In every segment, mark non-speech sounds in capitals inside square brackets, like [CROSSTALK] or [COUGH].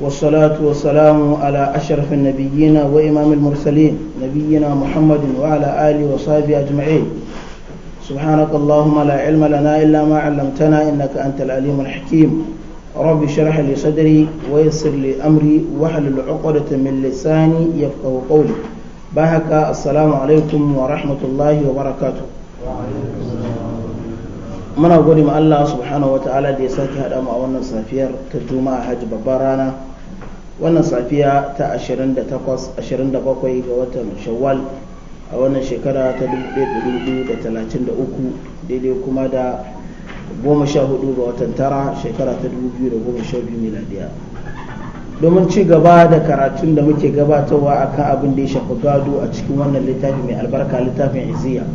والصلاة والسلام على أشرف النبيين وإمام المرسلين نبينا محمد وعلى آله وصحبه أجمعين سبحانك اللهم لا علم لنا إلا ما علمتنا إنك أنت العليم الحكيم رب اشرح لي صدري ويسر لي أمري واحلل عقدة من لساني يفقه قولي بهك السلام عليكم ورحمة الله وبركاته وعليكم muna gode ma Allah subhanahu ta'ala da ya sake haɗa mu a wannan safiyar ta juma'a hajji babbar rana wannan safiya ta 28-27 ga watan shawwal a wannan shekara ta 1233 daidai kuma da 14 ga watan tara shekara ta 2012 miladiya domin ci gaba da karatun da muke gabatarwa akan abin da ya shafi gado a cikin wannan littafi mai albarka littafin iziya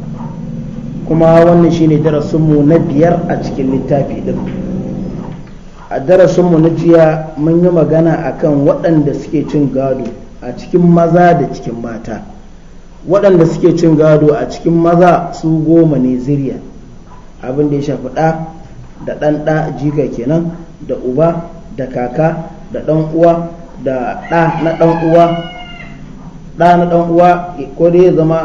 kuma wannan shine darasinmu na biyar a cikin littafi din a darasinmu na jiya mun yi magana akan waɗanda suke cin gado a cikin maza da cikin mata waɗanda suke cin gado a cikin maza su goma ne ziriya abin da ya shafi ɗa da ɗan ɗa jika kenan da uba da kaka da ɗan uwa da ɗa na ɗan uwa ɗa na ɗan uwa ko dai zama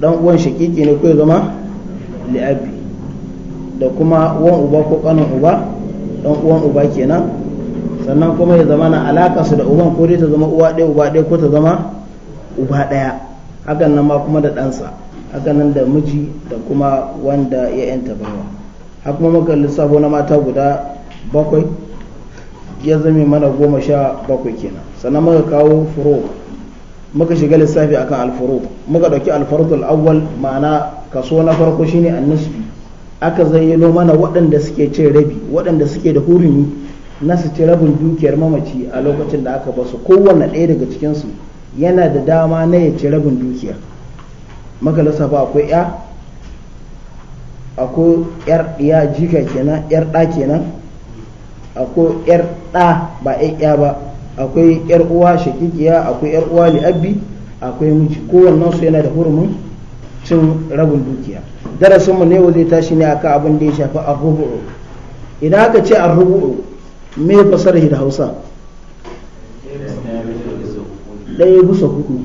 ɗan uwan shakiki ne ko zama li'abi da kuma wan uba ko kanin uba dan uwan uba kenan sannan kuma ya zama na alaka su da uban ko dai ta zama uwa ɗaya uba ɗaya ko ta zama uba ɗaya hakan nan ma kuma da ɗansa hakan nan da miji da kuma wanda ya yanta bawa har kuma muka lissafo na mata guda bakwai ya zame mana goma sha bakwai kenan sannan muka kawo furo muka shiga lissafi akan alfurud muka dauki alfarudul awwal ma'ana kaso na farko shine annasbi aka zayyano mana waɗanda suke cin rabi waɗanda suke da hurumi na su ci rabin dukiyar mamaci a lokacin da aka basu kowanne ɗaya daga cikinsu yana da dama na ya ci rabin dukiya maka lissafa akwai ya akwai yar ya jika kenan yar ɗa kenan akwai yar da ba ya ba akwai yar uwa shakikiya akwai yar uwa li abbi akwai miji kowannen su yana da hurumin cin rabin dukiya darasin mu ne wa zai tashi ne akan abin da ya shafi ahubu idan aka ce ahubu me fasara da Hausa ɗaya bisa hudu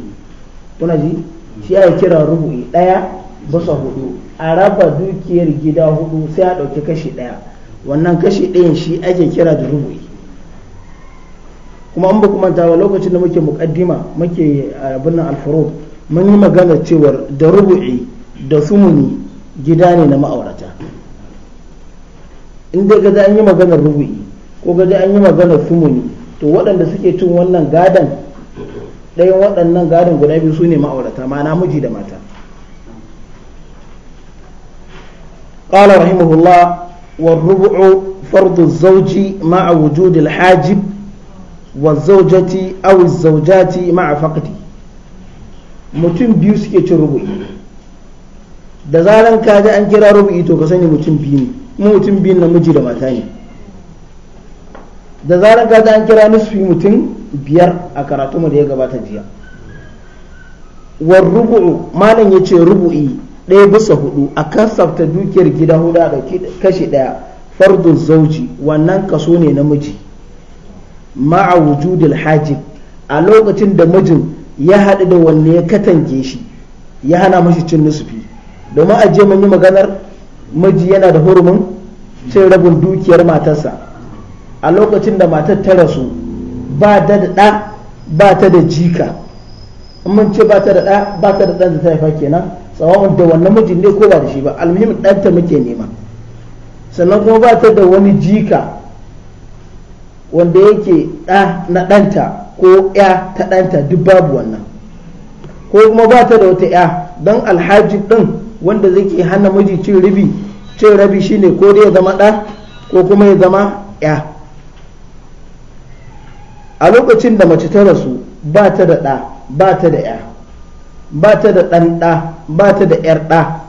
kuna ji shi ya kira rubu'i ɗaya bisa hudu a raba dukiyar gida hudu sai a ɗauki kashi ɗaya wannan kashi ɗayan shi ake kira da rubu'i kuma an ba kuma ba lokacin da muke mukaddima muke abin nan alfurud mun yi magana cewar da rubu'i da sumuni gida ne na ma'aurata in dai gaza an yi maganar rubu'i ko gaza an yi maganar sumuni to waɗanda suke cin wannan gadan ɗayan waɗannan gadan guda biyu su ne ma'aurata ma'ana miji da mata قال رحمه الله والربع فرض الزوج مع وجود الحاجب wazzaujati أو الزوجات ma'a فقدي mutum biyu suke cin rubu'i da zaran ka ji an kira rubu'i to ka sani mutum biyu ne mu mutum biyu namiji da mata ne da zaran ka ji an kira nisfi mutum biyar a karatu da ya gabata jiya war rubu'u malam ya ce rubu'i ɗaya bisa hudu a kasafta dukiyar gida hudu a ɗauki kashi ɗaya fardun zauji wannan kaso ne namiji ma'a wujudil hajib a lokacin da mijin ya haɗu da wanne ya katange shi ya hana mashi cin nusufi domin a je mun yi maganar miji yana da hurumin cin rabin dukiyar matarsa a lokacin da matar ta rasu ba ta da ɗa ba ta da jika in mun ce ba ta da ɗa ba ta da ɗan da ta haifa kenan tsawon da wannan mijin ne ko ba da shi ba almuhim ɗanta muke nema sannan kuma ba ta da wani jika wanda yake ɗa na ɗanta ko ya ta ɗanta duk babu wannan ko kuma ba ta da wata ya don alhaji ɗin wanda zai ke hana miji cin rabi cin rabi shine ko dai ya zama ɗa ko kuma ya zama ya a lokacin da mace ta rasu ba ta da ɗa ba ta da ya ba ta da ɗan ɗa ba ta da ‘yar ɗa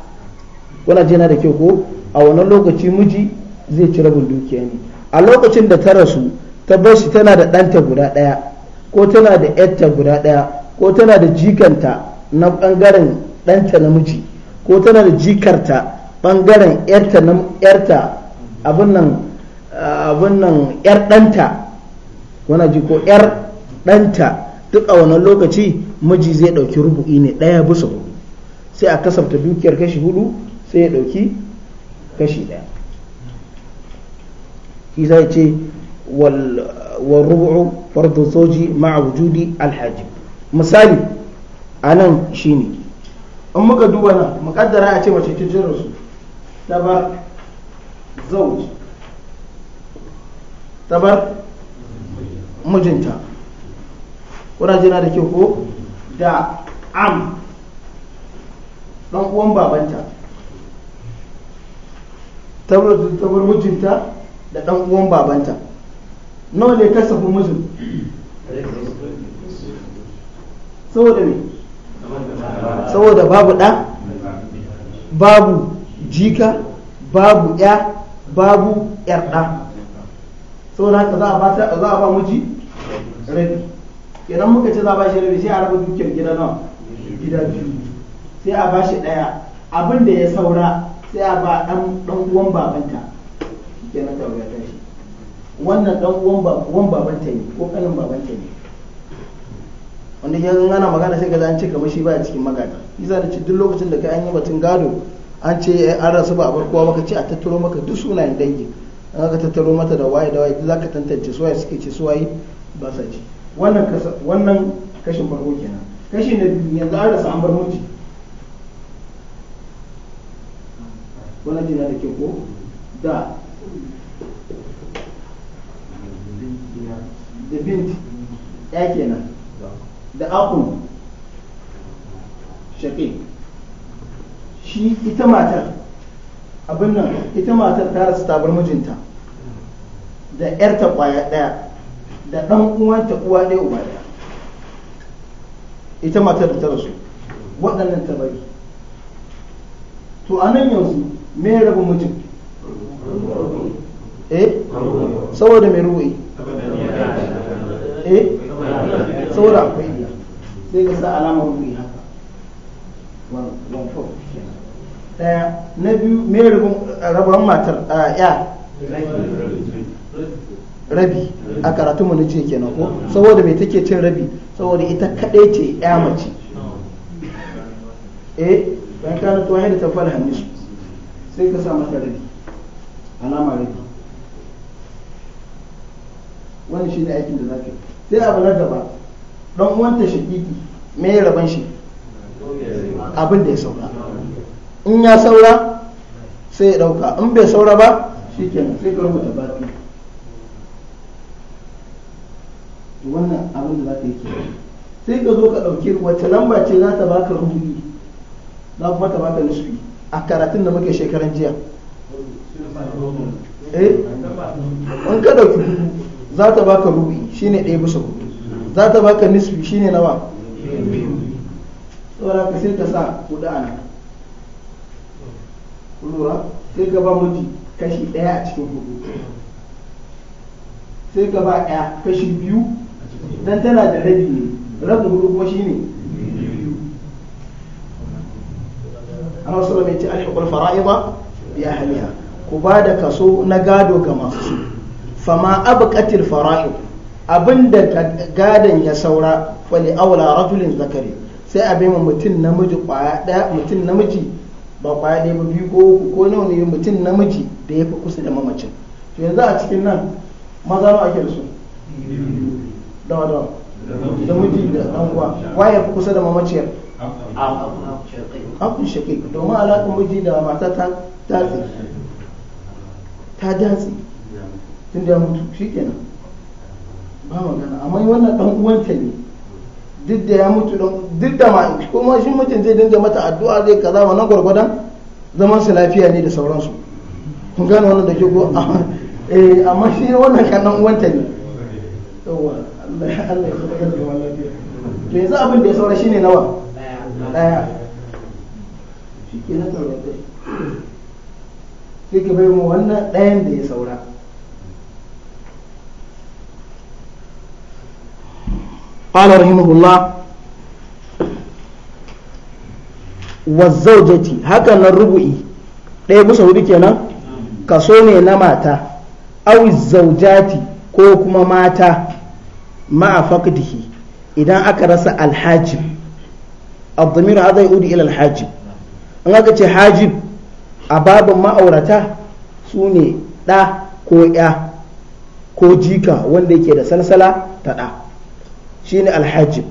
kuna jina da kyau ko a wannan lokaci miji zai ci rabin dukiya ne a lokacin da ta rasu ta shi tana da ɗanta guda ɗaya ko tana da yarta guda ɗaya ko tana da jikanta na ɓangaren ɗanta namiji ko tana da jikarta ɓangaren ƴarta na ƴarta abin nan abin yar ɗanta wani ji ko yar ɗanta duk a wannan lokaci miji zai ɗauki rubu'i ne ɗaya bisa hudu sai a kasafta dukiyar kashi hudu sai ya ɗauki kashi ɗaya isa ce والربع فرض الزوج مع وجود الحاجب misali a nan shi ne in muka duba nan mukaddara a ce mace cikin rasu ta bar zauj ta mijinta kuna jina da ke ko da am dan mijinta da dan uwan babanta nawa ne kasafin mijin saboda ne saboda babu ɗa babu jika babu ya babu yarda saboda haka za a ba muji rabi idan muka ce za a ba shi rabi sai a raba dukiyar gida nawa gida biyu sai a ba shi ɗaya abin da ya saura sai a ba ɗan uwan babanta kenan ta tashi wannan dan uwan babanta ne ko kanin babanta ne wanda yanzu ana magana sai ga an ce kamar shi baya cikin magana isa da ci duk lokacin da kai an yi batun gado an ce eh, an rasu ba a bar kowa baka ce a tattaro maka duk sunayen dangi an ka tattaro mata da waye da waye za ka tantance suwaye suke ci suwaye ba sa ci wannan kashin farko kenan kashi na biyu yanzu an rasa an bar miji wannan jina da ke ko da da bint ya kenan da akun shaƙi shi ita matar abin nan ita matar ta rasu tabar mijinta da yarta kwaya ɗaya da ɗan uwanta uwa ɗaya uba ɗaya ita matar da ta rasu waɗannan ta bari to a nan yanzu me rabin mijin eh saboda mai ruwa eh saboda akwai wuya sai ka sa alamar wuyi haka one four kenan daya na biyu me rabon matar ya rabi a karatu mu ce kenan ko saboda me take cin rabi saboda ita kadai ce ya mace eh bayan kana to da ta fara hannu sai ka sa mata rabi alama rabi wannan shine aikin da za zaka yi sai abu na gaba don wanta shaƙiƙi me ya raban shi abin da ya saura in ya saura sai ya ɗauka in bai saura ba shi kenan sai ka rubuta baki wannan abin da za ka yi ke sai ka zo ka ɗauki wacce lamba ce za ta baka rubuci za kuma ta baka nisfi a karatun da muke shekaran jiya eh an ka ɗauki za ta baka rubi shine ɗaya bisa hudu za ta baka nisfi shine nawa biyu saboda ka sai ka sa hudu a nan lura sai ka ba miji kashi ɗaya a cikin hudu sai ka ba ɗaya kashi biyu dan tana da rabi ne rabin hudu kuma shine ne. an wasu da mai ci alhukul fara'ida bi ku ba da kaso na gado ga masu su fama abqatil fara'id abinda gadon ya saura fali aula rajulin zakari sai a bema mutum namiji kwaya daya mutum namiji ba kwaya ɗaya ba biyu ko uku ko nawa ne mutum namiji da ya fi kusa da mamacin to yanzu a cikin nan maza nawa ake da su dawa dawa da miji da ɗan uwa waye fi kusa da mamaciyar akun shaqiq domin alaƙar miji da mata ta datsi ta tun da ya mutu shi kenan ba magana amma wannan dan uwanta ne duk da ya mutu don duk da ma kuma shi mutum zai dinga mata addu'a zai kaza wannan gwargwadon zaman su lafiya ne da sauransu kun gane wannan da ke ko [LAUGHS] eh amma shi wannan kan dan uwanta ne yawa Allah ya Allah ya saka da wannan lafiya to yanzu abin da ya saura shine nawa daya shi ke na sai ka bai mu wannan ɗayan da ya saura قال رحمه الله والزوجة هكذا الربع ɗaya bisa hudu kenan kaso ne na mata awi zaujati ko kuma mata ma'a idan aka rasa alhajib abdamir hadha udi ila alhajib an aka ce hajib a babin ma'aurata su ne ɗa ko ya ko jika wanda yake da salsala ta ɗa shine alhajib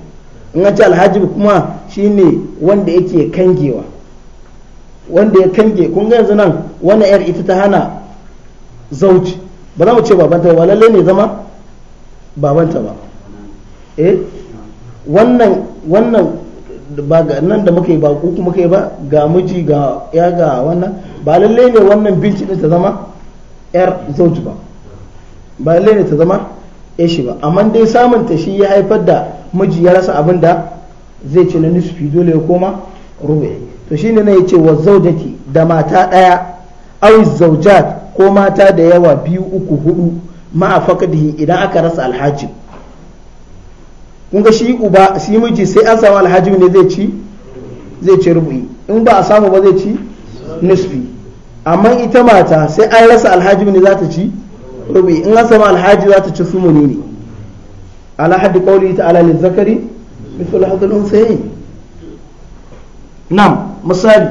in an ce alhajib kuma shine wanda yake kangewa wanda ya kange kun ga yanzu nan wannan yar ita ta hana zauji ba za mu ce babanta ba lalle ne zama babanta ba eh wannan wannan ba ga nan da muka yi ba ku muka yi ba ga miji ga ya ga wannan ba lalle ne wannan binci ta zama yar zauji ba ba lalle ne ta zama shi ba amma dai samun ta shi ya haifar da miji ya rasa abin da zai ci na nisfi dole ya koma rubu'i to shine ne yace wa zaujati da mata daya aw zaujat ko mata da yawa biyu uku hudu ma'a faqdihi idan aka rasa alhaji kun ga shi uba shi miji sai an samu alhaji ne zai ci zai ci in ba a samu ba zai ci nisfi amma ita mata sai an rasa alhaji ne za ta ci rubi in an sama alhaji za ta ci sumuni ne ala haddi qawli ta'ala lil zakari mithlu hadhil sayi nam misali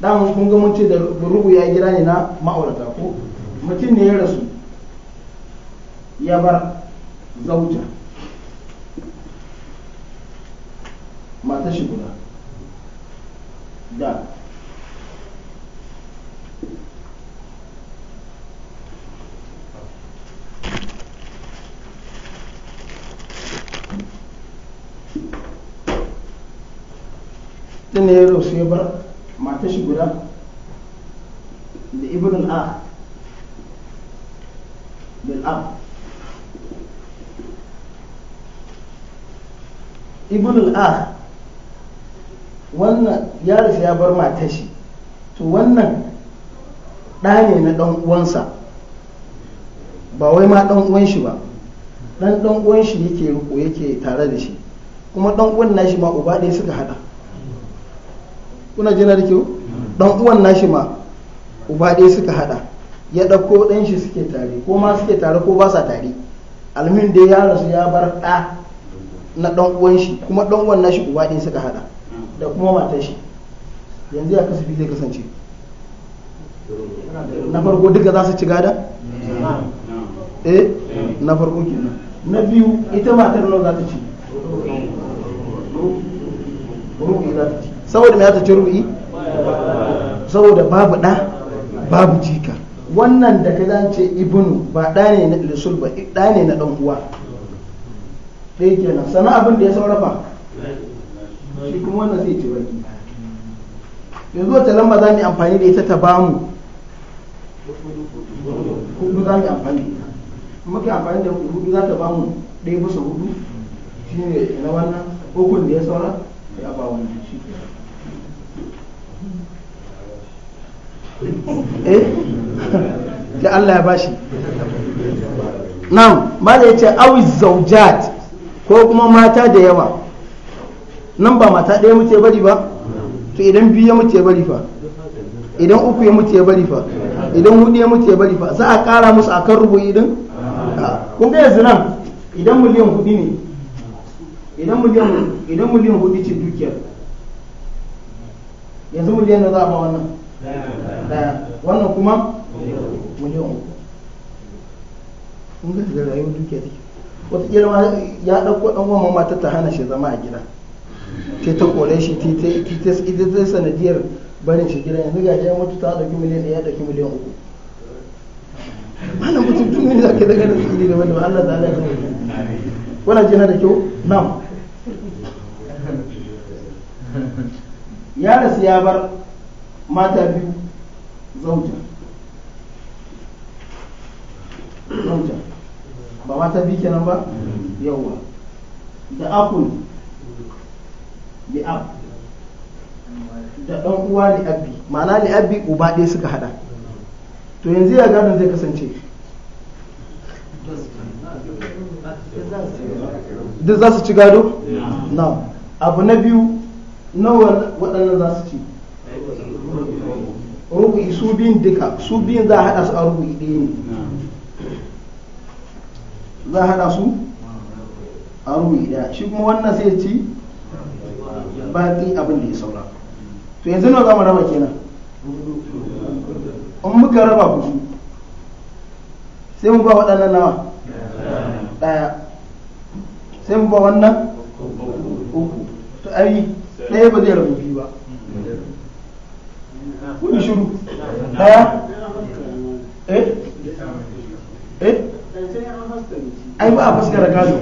dan kun ga mun ce da rubu ya gira ne na ma'aurata ko mutum ne ya rasu ya bar zauja mata shi guda da ne ya rufe ya bar mata shi guda da ibn al'a da al'a ibn al'a wannan ya rufe ya bar mata shi to wannan ɗa ne na ɗan uwansa ba wai ma ɗan uwan shi ba ɗan ɗan uwan shi yake riko yake tare da shi kuma ɗan uwan nashi ma uba ɗaya suka haɗa kuna jina da kyau dan uwan nashi ma uba ɗaya suka hada ya ɗauko ɗan shi suke tare ko ma suke tare ko ba sa tare almin da ya rasu ya bar ɗa na ɗan uwan shi kuma ɗan uwan nashi uba ɗaya suka hada da kuma matar shi yanzu ya kasafi zai kasance na farko duka za su ci gada eh na farko kenan na biyu ita matar nan za ta ci rubi za ta ci saboda mai ta ci rubi saboda babu ɗa babu jika wannan da ka zance ibnu ba ɗa ne na ilisul ba ɗa ne na ɗan uwa ɗaya kenan sana abin da ya saurafa shi kuma wannan zai ci baki yanzu wata lamba za mu amfani da ita ta bamu hudu za mu amfani da muke amfani da hudu za ta bamu ɗaya bisa hudu shi ne na wannan ukun da ya saura ya ba wani. shi eh da Allah ya bashi nan mala yace awi zaujat ko kuma mata da yawa nan ba mata ɗaya mace bari ba to idan biyu ya mace bari fa idan uku ya mace bari fa idan hudu ya mace bari fa za a kara musu a kan din ah, kun ga yanzu nan idan miliyan hudu ne idan miliyan idan miliyan hudu ce dukiyar yanzu miliyan na za a ba wannan wannan kuma miliyan uku kun da rayu duke take wataƙila ma ya ɗauko ɗan uwan mata ta hana shi zama a gida ta ta kore shi ta yi ta yi yi ta sanadiyar barin shi gida yanzu gaji ya mutu ta ɗauki miliyan ɗaya ɗauki miliyan uku wannan mutum tun yi zaka daga da tsiri da wanda Allah da ya wala jina da kyau nam ya rasu ya bar mata biyu zauja zauja ba mata biyu kenan ba yawa da akun li ab da dan uwa li abbi ma'ana li abbi uba ɗaya suka hada to yanzu ya gano zai kasance duk za su ci gado? na abu na biyu nawa waɗannan za su ci rubi su biyun duka su biyun za a haɗa su a rubi ɗaya ne za a haɗa su a rubi ɗaya shi kuma wannan sai ci baƙi abin da ya saura to yanzu nawa za mu raba kenan in muka raba su sai mu ba waɗannan nawa ɗaya sai mu ba wannan uku to ai ɗaya ba zai rabu biyu kun shiru ha eh eh ai ba a fuskar gado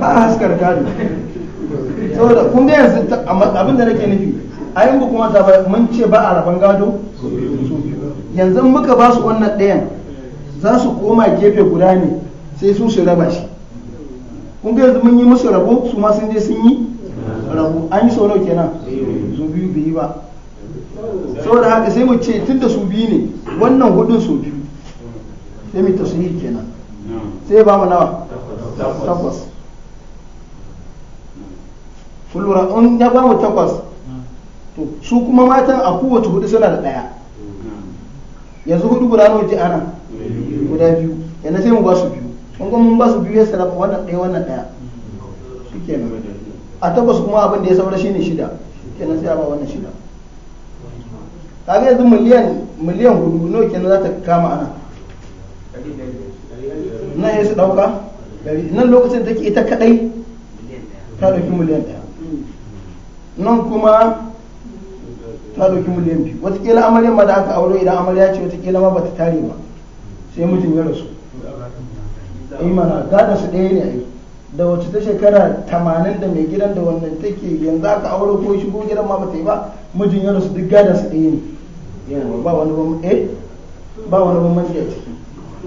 ba a fuskar gado saboda kun da yanzu abin da nake nufi ai ba kuma ta ba mun ce ba a raban gado yanzu muka ba su wannan ɗayan za su koma gefe guda ne sai su su raba shi kun ga yanzu mun yi musu rabo su ma sun je sun yi rabo an yi sau kenan su biyu biyu ba saboda haka sai mu ce tun da su biyu ne wannan hudun su biyu sai mu yi kenan sai ba mu nawa takwas kullura in ya ba mu takwas to su kuma matan a kowace hudu suna da daya yanzu hudu guda nawa ji ana guda biyu yana sai mu ba su biyu kun kuma mun ba su biyu ya sarrafa wannan daya wannan daya shikenan a takwas kuma abin da ya saura shine shida kenan sai a ba wannan shida kaga yanzu miliyan miliyan hudu nawa kenan za ta kama ana na ya su dauka nan lokacin take ita kadai ta dauki miliyan daya nan kuma ta dauki miliyan biyu watakila amaryar ma da aka aure idan amarya ce watakila ma bata tare ba sai mutum ya rasu imana gadon su daya ne a yi da wacce ta shekara tamanin da mai gidan da wannan take yanzu aka aure ko shigo gidan ma bata yi ba mijin ya rasu duk gada su ɗaya ne ba wani ban eh ba wani bambanci a ciki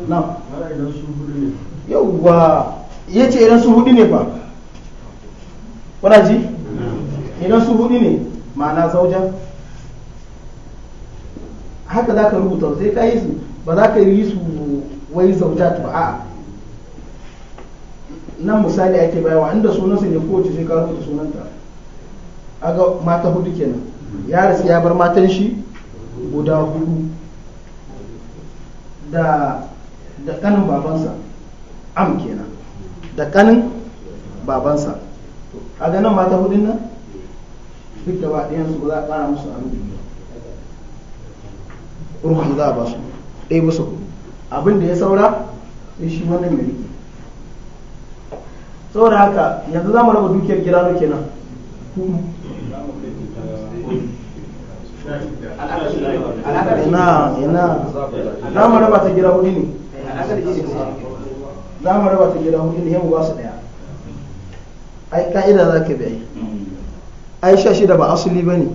na yawwa ya ce idan su hudu ne ba kuna ji idan su hudu ne ma'ana zaujan haka za ka rubuta sai ka yi su ba za ka yi su wai zaujat ba a'a nan misali ake bayawa inda sunansa ne kowace sai ka rubuta sunanta aga mata hudu kenan hmm. ya rasu ya bar matan shi guda hudu da da kanin babansa am kenan da kanin babansa a ganin mata hudun nan duk da ɗayansu ba za a ƙara musu abin ruhun za a ba su ɗaya musu abin da ya saura sai shi wannan mai riki saboda haka yanzu za mu raba dukiyar gidano kenan na ina za mu raba ta gida hudu ne za mu raba ta gida hudu ne yau ba su daya ai ka'ida za ka bi ai sha shida ba asali ba ne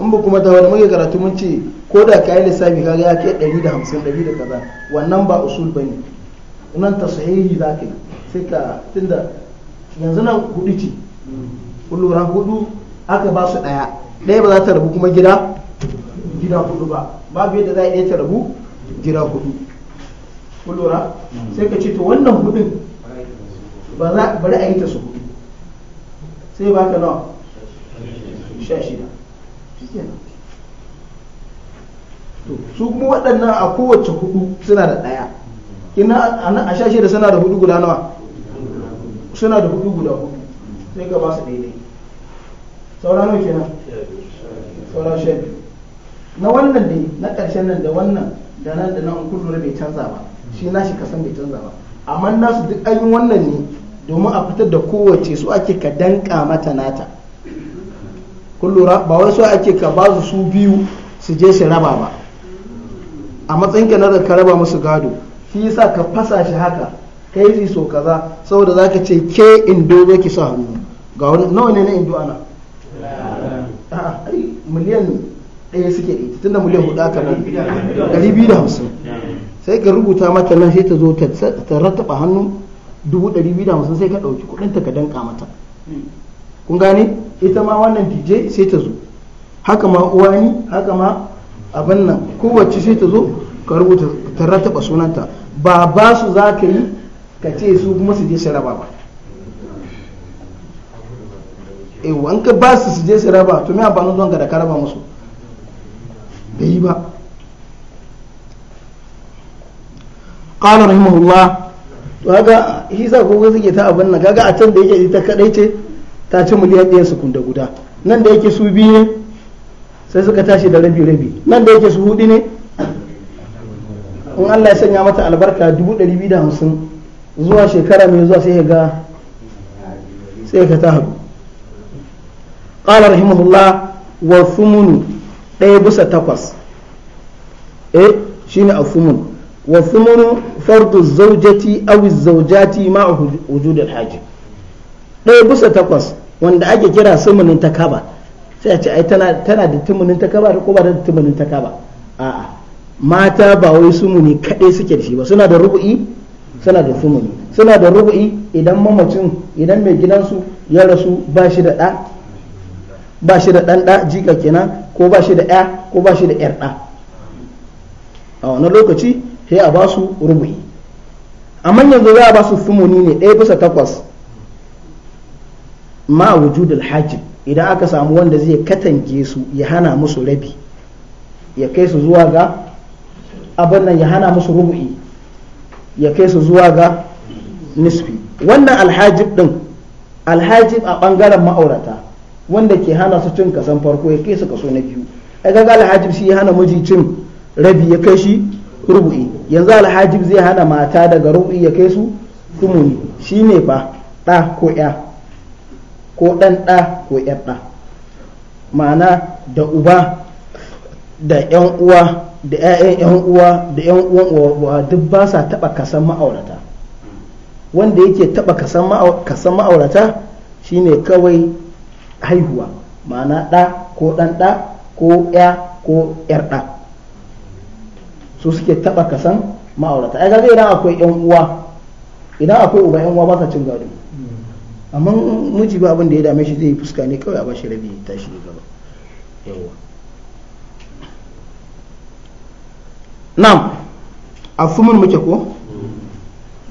in ba kuma ta wani muke karatu mun ce ko da ka yi lissafi kaga ya kai 150 100 da kaza wannan ba usul ba ne nan ta sahihi za ka yi sai ka tunda yanzu nan hudu ce kullura hudu aka ba su daya daya ba za ta rabu kuma gida gida hudu ba biyu da za a iya ta rabu gida hudu kullura sai ka ce to wannan hudun ba za bari a yi ta su hudu sai ba ka nawa sha shida su kuma waɗannan a kowace hudu suna da ɗaya ina a sha shida suna da hudu guda nawa suna da hudu guda hudu sai ka ba su daidai saura nawa kenan saura sha na wannan dai na ƙarshen nan da wannan da nan da nan kun lura bai canza ba shi shi kasan bai canza ba amma nasu duk ayin wannan ne domin a fitar da kowace su ake ka danka mata nata kun lura ba wai su ake ka ba su su biyu su je su raba ba a matsayin ka na da ka raba musu gado shi yasa ka fasa shi haka kai zai so kaza saboda za ka ce ke indo ne ki sa hannu ga wani nawa ne na indo ana miliyan ɗaya suke ɗaya tun da miliyan hudu aka nan ɗari biyu da hamsin sai ka rubuta mata nan sai ta zo ta rattaba hannu dubu ɗari biyu da hamsin sai ka ɗauki kuɗin ta ka danka mata kun gane ita ma wannan dj sai ta zo haka ma uwani haka ma abin nan kowace sai ta zo ka rubuta ta rattaba sunanta ba ba su za ka yi ka ce su kuma su je su raba ba e wanka ba su su je su raba to me amfanin zuwan ka da ka raba musu bai yi ba qala rahimahullah to kaga hisa ko ga suke ta abin nan kaga a can da yake ta kadai ce ta ci miliyan ɗaya su kunda guda nan da yake su biyu ne sai suka tashi da rabi rabi nan da yake su hudu ne in Allah ya sanya mata albarka dubu ɗari biyu da hamsin zuwa shekara mai zuwa sai ga sai ka ta haɗu ƙalar rahimahullah wa fumunu ɗaya bisa takwas e eh, shi ne a fumunu wa fumunu fardu zaujati awi zaujati ma a wujudar haji ɗaya bisa takwas wanda ake kira sumunin ta kaba sai a ce ai tana da tumunin ta kaba ko ba da tumunin ta kaba a'a mata ba wai sumuni kaɗai suke da shi ba suna da rubu'i suna da sumuni suna da rubu'i idan mamacin idan mai gidansu ya rasu ba shi da ɗa ba shi da ɗan ɗa jika kenan ko ba shi da ɗa ko ba shi da ƴar ɗa a wani lokaci sai a ba su rubu'i amma yanzu za a ba su sumuni ne ɗaya bisa takwas ma wujudul hajib idan aka samu wanda zai katange su ya hana musu rabi ya kai su zuwa ga abin nan ya hana musu rubu'i ya kai su zuwa ga nisfi wannan alhajib din alhajib a bangaren ma'aurata wanda ke hana su cin kasan farko ya kai su kaso na biyu ai ga alhajib shi ya hana miji cin rabi ya kai shi rubu'i yanzu alhajib zai hana mata daga rubu'i ya kai su shi shine fa ɗa ko ya ko ɗan ɗa ko ƴar ɗa ma'ana da uba da yan uwa da 'ya'yan yan uwa da yan uwan uwa duk ba sa taba kasan ma'aurata wanda yake taba kasan ma'aurata shine kawai haihuwa ma'ana ɗa ko ɗan ɗa ko ya ko yar ɗa su suke taba kasan ma'aurata ai kaga idan akwai yan uwa idan akwai uba yan uwa ba sa cin gado amma miji ba abin da ya dame shi zai fuska ne kawai a bashi rabi tashi gaba yawa na'am a fumin muke ko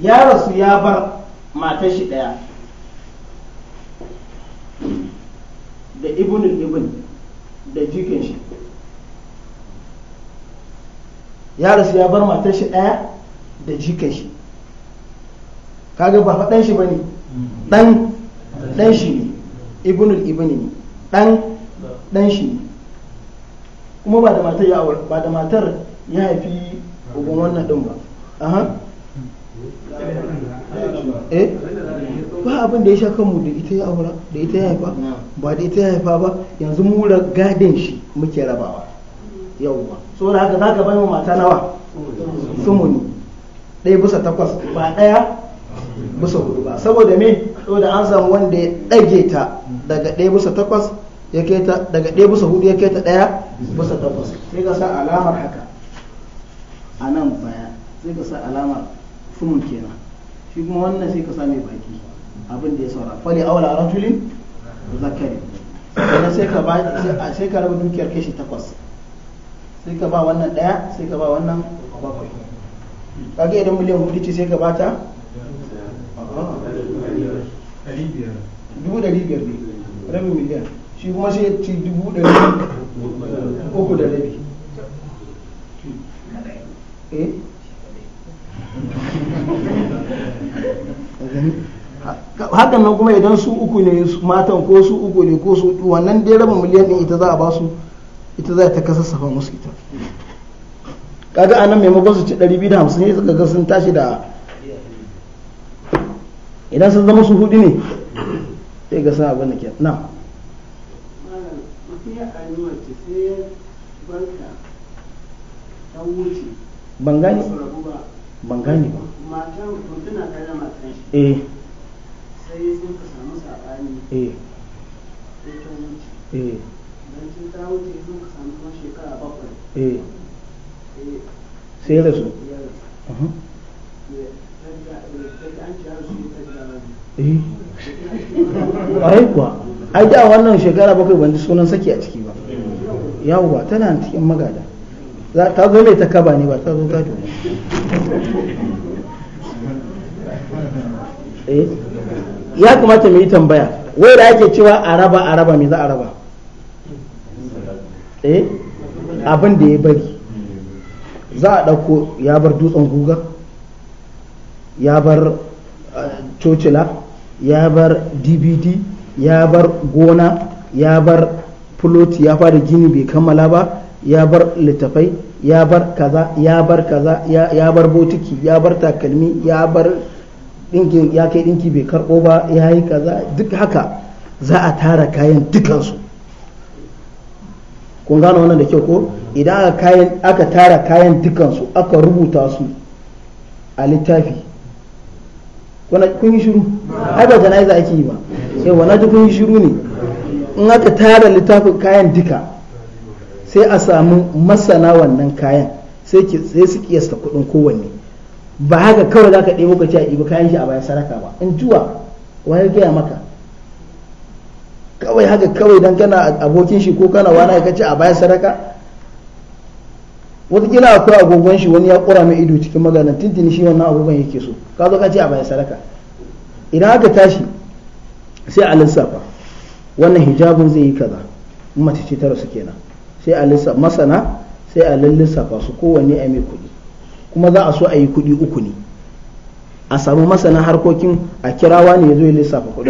ya rasu ya bar matar shi daya da ibunin ibin da jikin shi ya rasu ya bar matar shi daya da jikin shi kaga ba faɗan shi bane dan dan shi ne Ibunin ibn ne dan dan shi ne kuma ba da matar ya ba da matar ya haifi uban wannan din ba aha eh ba abin da ya sha kanmu da ita ya aura da ita ya haifa ba da ita ya haifa ba yanzu mura gadin shi muke rabawa yawwa so da haka zaka bai mata nawa sumuni ɗaya bisa takwas ba ɗaya bisa hudu ba saboda me saboda an samu wanda ya ɗage ta daga ɗaya bisa takwas ya keta daga ɗaya bisa hudu ya keta ɗaya bisa takwas sai ka sa alamar haka a nan baya sai ka sa alamar sumun kenan shi kuma wannan sai ka sa mai baki abin da ya saura fali awala rajulin zakari sannan sai ka ba sai ka raba dukiyar kashi takwas sai ka ba wannan daya sai ka ba wannan bakwai kaga idan miliyan hudu ce sai ka bata dubu da biyar ne rabin miliyan shi kuma sai ci dubu dari uku da rabi Eh? hakan nan kuma idan su uku ne matan ko su uku ne ko su wannan dai rabin miliyan ɗin ita za a ba su ita za ta safa musu ita kaga a nan maimakon su ci 250 ne suka ga sun tashi da idan sun zama su hudu ne sai ga sa abin da ke na mutum ya sai barka ta wuce ban gane ban gane ba matan tana tare da matan shi eh sai sun ka samu sabani eh sai ta wuce eh dan sun ta wuce sun ka samu kuma shekara bakwai eh, eh. sai rasu uh-huh. eh. ai kuwa ai da wannan shekara bakwai ban ji sunan saki a ciki ba yawwa tana cikin magada za ta zo mai ta kaba ne ba ta zo gado eh, ya kamata mu yi tambaya wai da ake cewa a raba a me za a raba eh, abin da ya bari za a ɗauko ya bar dutsen guga ya bar eh, cocila ya bar dvd ya bar gona ya bar fuloti ya fara gini bai kammala ba ya bar littafai ya bar kaza ya bar kaza ya bar botiki ya bar takalmi ya bar dinki ya kai dinki bai karbo ba ya yi kaza duk haka za a tara kayan dukansu kun gano wannan da kyau ko idan aka tara kayan dukansu aka rubuta su a littafi kun yi shiru haka ba jana'iza ake yi ba sai wani kun yi shiru ne in aka tara littafin kayan duka sai a samu masana wannan kayan sai su kiyasta kuɗin kowanne ba haka kawai za ka ɗebo ka ci a ɗibi kayan shi a bayan saraka ba in juwa wani gaya maka kawai haka kawai don kana abokin shi ko kana wani ka ce a bayan saraka watakila akwai agogon shi wani ya kura mai ido cikin magana tuntuni shi wannan agogon yake so ka zo ka ce a bayan saraka idan aka tashi sai a lissafa wannan hijabun zai yi kaza mace ce ta rasu kenan sai a lissa masana sai a lissafa su kowanne a mai kuɗi kuma za a so a yi kuɗi uku ne a samu masana harkokin a kirawa ne zai ya lissafa kuɗi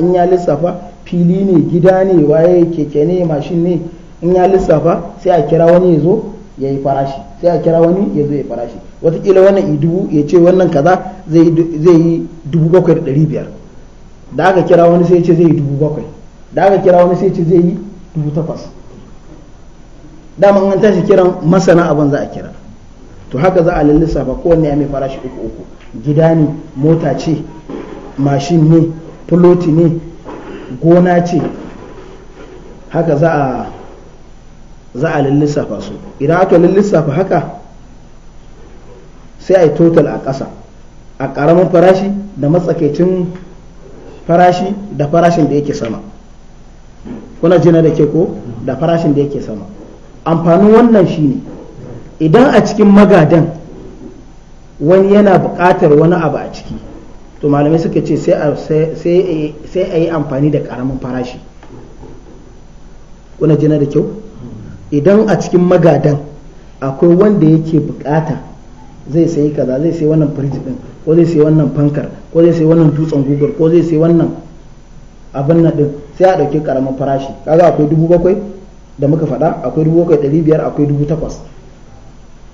in ya lissafa fili ne gida ne waye keke ne mashin ne in ya lissafa sai a kira wani ya zo ya yi farashi sai a kira wani ya zo ya farashi watakila wannan i dubu ya ce wannan kaza zai yi dubu bakwai da ɗari biyar da aka kira wani sai ce zai yi dubu bakwai da aka kira wani sai ce zai yi dubu takwas dama an tashi kiran masana abin za a kira to haka za a ba kowanne ya mai farashi uku uku gida ne mota ce mashin ne fuloti ne gona ce haka za a za a su idan aka lissafa haka sai a yi total a ƙasa a ƙaramin farashi da matsakaicin farashi da farashin da yake sama kuna jina da ke ko da farashin da yake sama amfanin wannan shine idan a cikin magadan wani yana buƙatar wani abu a ciki to malamai suka ce sai a yi amfani da ƙaramin farashi kuna jina da kyau idan a cikin magadan akwai wanda yake buƙata zai sayi kaza zai sayi wannan firji din ko zai sayi wannan fankar ko zai sayi wannan dutsen gugur ko zai sayi wannan abin nan din sai a ɗauki ƙaramin farashi kaga akwai dubu bakwai da muka faɗa akwai dubu bakwai ɗari biyar akwai dubu takwas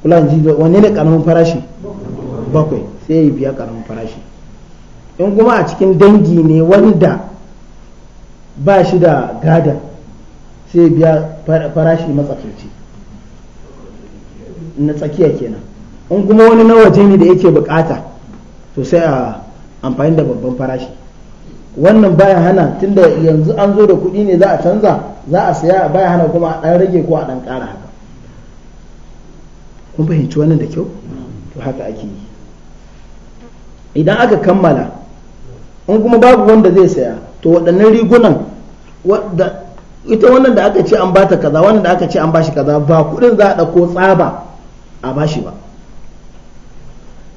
kula ji wanne ne ƙaramin farashi bakwai sai ya biya ƙaramin farashi in kuma a cikin dangi ne wanda ba shi da gada sai ya biya farashi matsakaici na tsakiya kenan in kuma wani na waje ne da yake bukata to sai a amfani da babban farashi wannan baya hana tunda yanzu an zo da kuɗi ne za a canza za a saya a baya hana kuma a ɗan rage ko a ɗan ƙara haka kun fahimci wannan da kyau to haka ake yi idan aka kammala in kuma babu wanda zai saya to waɗannan rigunan ita wannan da aka ce an bata kaza wannan da aka ce an bashi kaza ba kuɗin za a ɗauko tsaba a bashi ba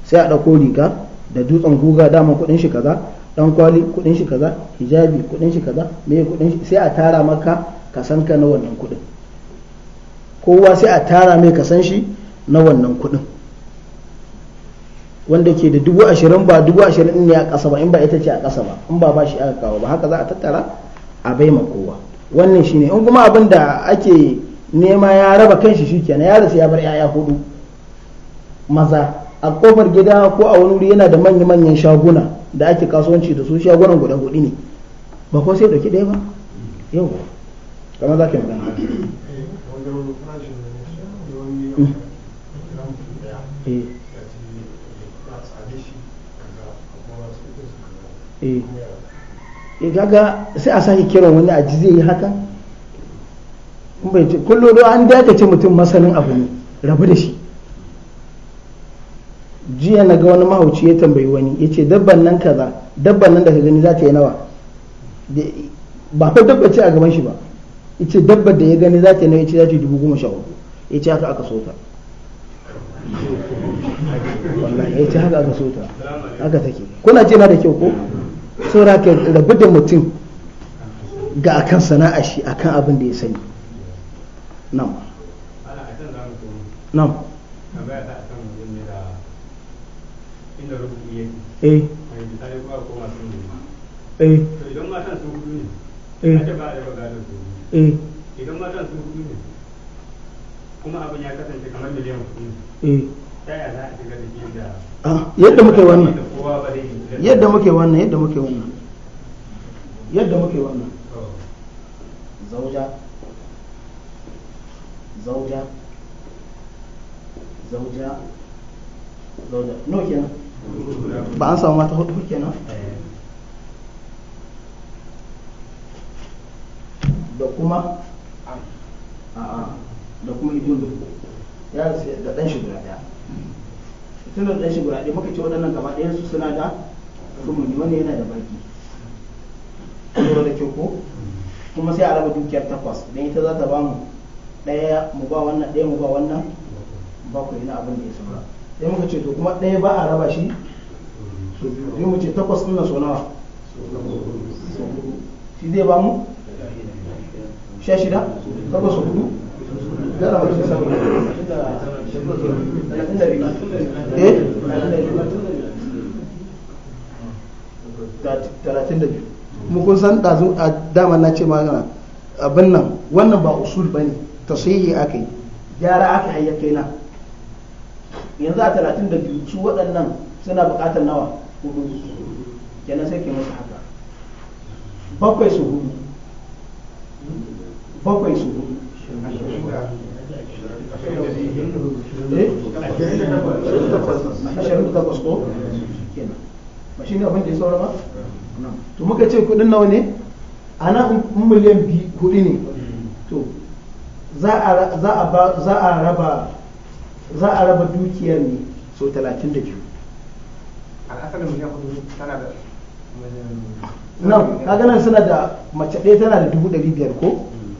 sai a ɗauko riga da dutsen guga dama kuɗin shi kaza dan kwali kuɗin shi kaza hijabi kuɗin shi kaza me kudin shi sai a tara maka Ka san ka na wannan kuɗin kowa sai a tara mai ka san shi na wannan kuɗin wanda ke da dubu ashirin ba dubu ashirin ne a ƙasa ba in ba ita ce a ƙasa ba in ba ba shi aka kawo ba haka za a tattara a bai ma kowa wannan shi ne in kuma abin da ake nema ya raba kan shi kenan ya rasu ya bar 'ya'ya hudu maza a kofar gida ko a wani wuri yana da manya-manyan shaguna da ake kasuwanci da su shagunan guda hudu ne ba ko sai dauki ɗaya ba yau Kama za ka yi e gaga sai a sake kiran wani a ji zai yi haka kullum da an dakace mutum masanin abu ne rabu da shi jiya na ga wani mahauci ya tambayi wani ya ce dabban nan kaza dabban nan da ka gani za ta yi nawa ba fa dabba ce a gaban shi ba ce dabbar da ya gani za ta yi ce za ta dubu goma sha hudu ce haka aka sota wallahi ce haka aka sota haka take kuna ce na da kyau ko saboda ka rabu da mutum ga akan sana'a shi akan abin da ya sani nan nan eh eh idan matan su ne Eh. Eh. idan matan ne kuma abin ya kasance kamar miliyan yadda muke wannan yadda muke wannan yadda muke wannan yadda muke wannan zauja zauja zauja zauja no kenan ba an samu mata hudu kenan eh. da kuma da kuma idun ya da dan shi guda daya tun da dan shi guda daya muka ce waɗannan gaba ɗaya su suna da rumuni wani yana da baki kuma da kyau ko kuma sai a raba dukiyar takwas don ita za ta ba mu ɗaya mu ba wannan ɗaya mu ba wannan bakwai na abin da ya saura sai muka ce to kuma ɗaya ba a raba shi so biyu mu ce takwas ɗin na so nawa so shi zai ba mu sha shida da eh? san a dama na ce magana abin nan wannan ba usul ba ne tasihi aka yi gyara aka hayyakai na yanzu a talatin da biyu su waɗannan suna buƙatar nawa hudu kenan sai ke musu haka bakwai su hudu bakwai su eh? muka ce kudin nawa ne ana miliyan ne to za a raba ne so talatin da suna da mace ɗaya tana da dubu ɗari biyar ko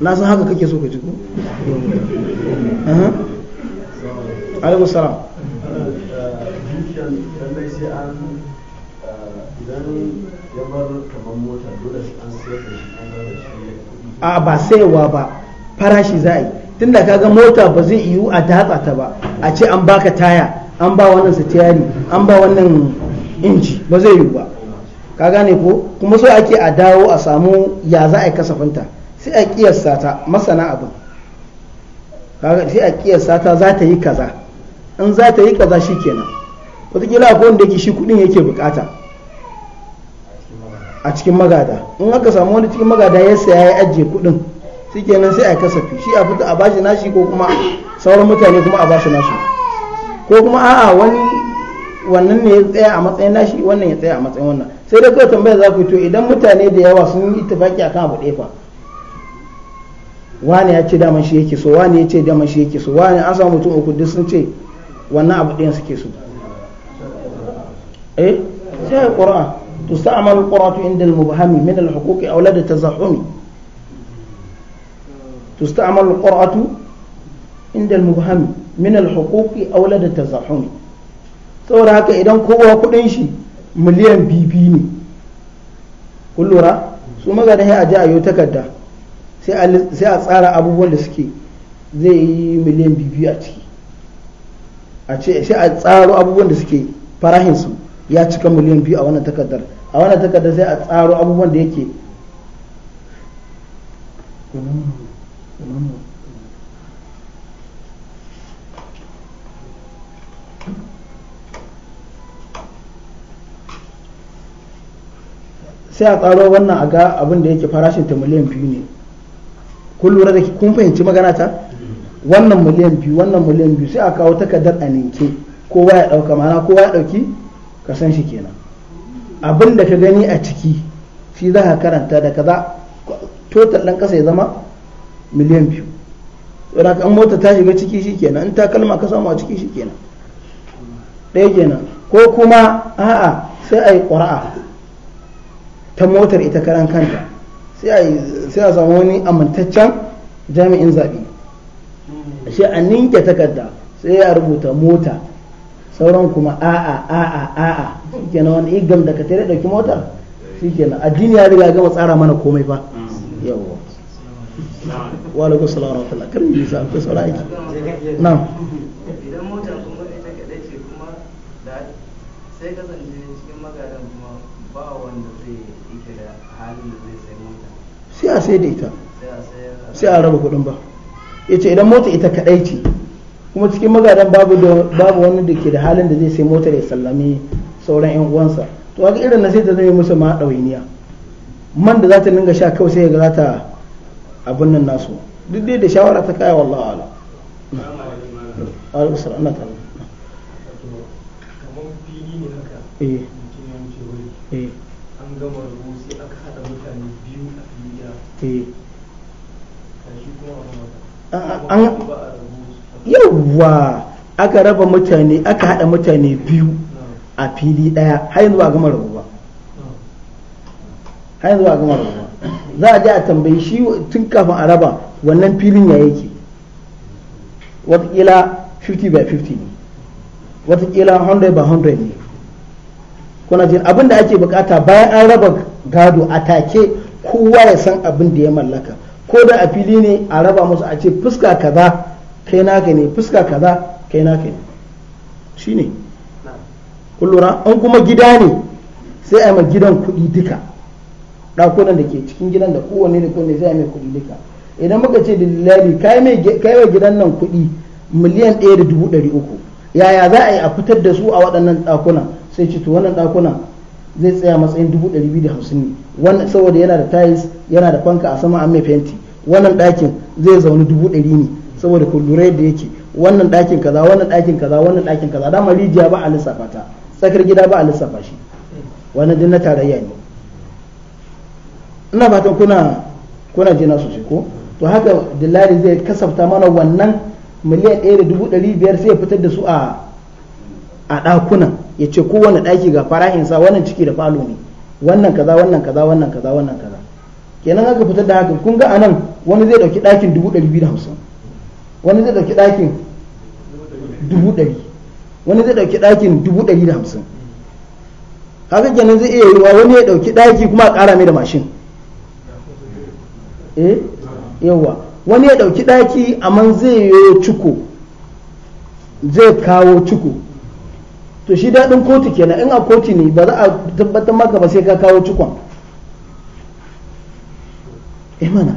na san haka kake so ka ji ko alaikum salam a ba saiwa ba farashi za a yi tunda kaga mota ba zai yiwu a datsa ta ba a ce an baka taya an ba wannan satiyari an ba wannan inji ba zai yiwu ba ka gane ko kuma so ake a dawo a samu ya za a yi kasafinta sai a kiyasta ta masana abu kaga sai a kiyasta ta za ta yi kaza in za ta yi kaza shi kenan wataƙila akwai wanda yake shi kudin yake bukata a cikin magada in aka samu wani cikin magada ya saya ya ajiye shi kenan sai a kasafi shi a fita a bashi nashi ko kuma sauran mutane kuma a bashi nashi ko kuma a'a wani wannan ne ya tsaya a matsayin nashi wannan ya tsaya a matsayin wannan sai dai kawai tambaya za ku to idan mutane da yawa sun yi a akan abu ɗaya fa wani ya ce daman shi yake so wani ya ce daman shi yake so wani an samu mutum uku duk sun ce wannan abu ɗin suke so eh sai alqur'an tusta'malu qur'atu inda al-mubhami min al-huquqi aw la tazahumi tusta'malu qur'atu inda al-mubhami min al-huquqi aw la tazahumi saboda haka idan kowa kudin shi miliyan bibi ne kullura su magana sai a ji a yau takarda sai a tsara abubuwan da suke zai yi miliyan biyu a ciki a ce sai a tsaro abubuwan da suke farahinsu ya cika miliyan biyu a wannan takardar a wannan takardar sai a tsaro abubuwan da yake sai a tsaro wannan a ga abin da yake farashin ta miliyan biyu ne kun lura da kun fahimci magana ta wannan miliyan biyu wannan miliyan biyu sai a kawo takardar a ninke kowa ya dauka mana kowa ya dauki ka san shi kenan abin da ka gani a ciki shi za ka karanta da kaza total ɗan ƙasa ya zama miliyan biyu yana kan mota ta shiga ciki shi kenan in takalma ka samu a ciki shi kenan ɗaya kenan ko kuma a'a sai a yi ƙura'a ta motar ita karan kanta sai a samu wani amintaccen jami'in zaɓe shi a ninke takarda sai ya rubuta mota sauran kuma a'a a'a a'a na wani igam da ka tare dauki na shikenan addini ya riga gama tsara mana komai fa yawa wa alaikum salam wa rahmatullah kar mu sa akwai sauran aiki na idan mota kuma ita kadai ce kuma da sai kasance cikin magadan kuma ba wanda zai yi da halin da zai sai a sai da ita sai a raba kuɗin ba ya ce idan mota ita kaɗai ce kuma cikin magadan babu wani da ke da halin da zai sai motar ya sallami sauran yan uwansa to haka irin na sai ta zai musu ma ɗawainiya man da za ta ninga sha kawai sai ga za ta abin nan nasu duk dai da shawara ta kaya wallahu ala eh eh an gama rubuce Eh. yawwa aka raba mutane aka hada mutane biyu a fili daya har yanzu ba gama rabuwa har yanzu ba gama rabuwa za a je a tambayi shi tun kafin a raba wannan filin ya yake watakila 50 by 50 ne watakila 100 by 100 ne kuna jin abin da ake bukata bayan an raba gado a take kowa ya san abin da ya mallaka ko da a fili ne a raba musu a ce fuska kaza kai naka ne fuska kaza kai naka ne Shi ne. kullura an kuma gida ne sai a yi gidan kuɗi duka ɗakunan da ke cikin gidan da kowane da kowane sai yi mai kuɗi duka idan muka ce ka kai wa gidan nan kuɗi miliyan ɗaya da dubu ɗari uku yaya za a yi a fitar da su a waɗannan ɗakuna sai ci to wannan ɗakunan. zai tsaya matsayin dubu ɗari biyu da hamsin ne wannan saboda yana da tiles yana da fanka a sama an mai fenti wannan ɗakin zai zaune dubu ɗari ne saboda kullurai da yake wannan ɗakin kaza wannan ɗakin kaza wannan ɗakin kaza dama rijiya ba a lissafa ta tsakar gida ba a lissafa shi wannan din na tarayya ne ina fatan kuna kuna jina sosai ko to haka dillari zai kasafta mana wannan miliyan ɗaya da dubu ɗari biyar sai ya fitar da su a a ɗakunan ya ce kowane ɗaki ga farahinsa wannan ciki da falo ne wannan kaza wannan kaza wannan kaza wannan kaza kenan aka fitar da haka kun ga anan wani zai ɗauki ɗakin dubu ɗari biyu da hamsin wani zai ɗauki ɗakin dubu ɗari wani zai ɗauki ɗakin dubu ɗari da hamsin haka kenan zai iya yiwuwa wani ya ɗauki ɗaki kuma a ƙara mai da mashin eh yawa wani ya ɗauki ɗaki amma zai yi cuku zai kawo cuku to shi daɗin kotu kenan in a kotu ne ba za a tabbatar maka ba sai ka kawo cikon imana eh,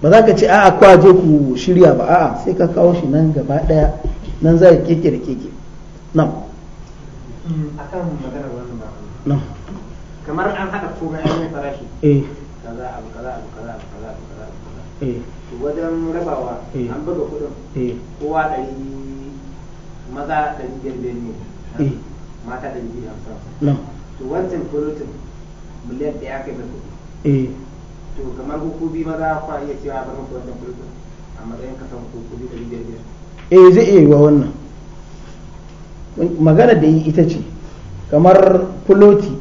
ba za ka ce a'a kwa je ku shirya ba a'a sai ka kawo shi nan gaba ɗaya nan za ka keke da keke nan akan maganar wannan ba kamar an haɗa komai an yi farashi eh. kaza abu kaza abu kaza abu kaza abu kaza abu kaza eh. wajen rabawa an buga kuɗin kowa ɗari maza ɗari biyar biyar ne Eh. mata da biyu da hamsin to wancan kulotin miliyan ɗaya aka yi mai kuɗi eh. to kamar hukubi maza kwa iya cewa bar muku wannan kulotin a matsayin kasan hukubi da biyar biyar eh zai iya yiwa wannan magana da yi ita ce kamar kuloti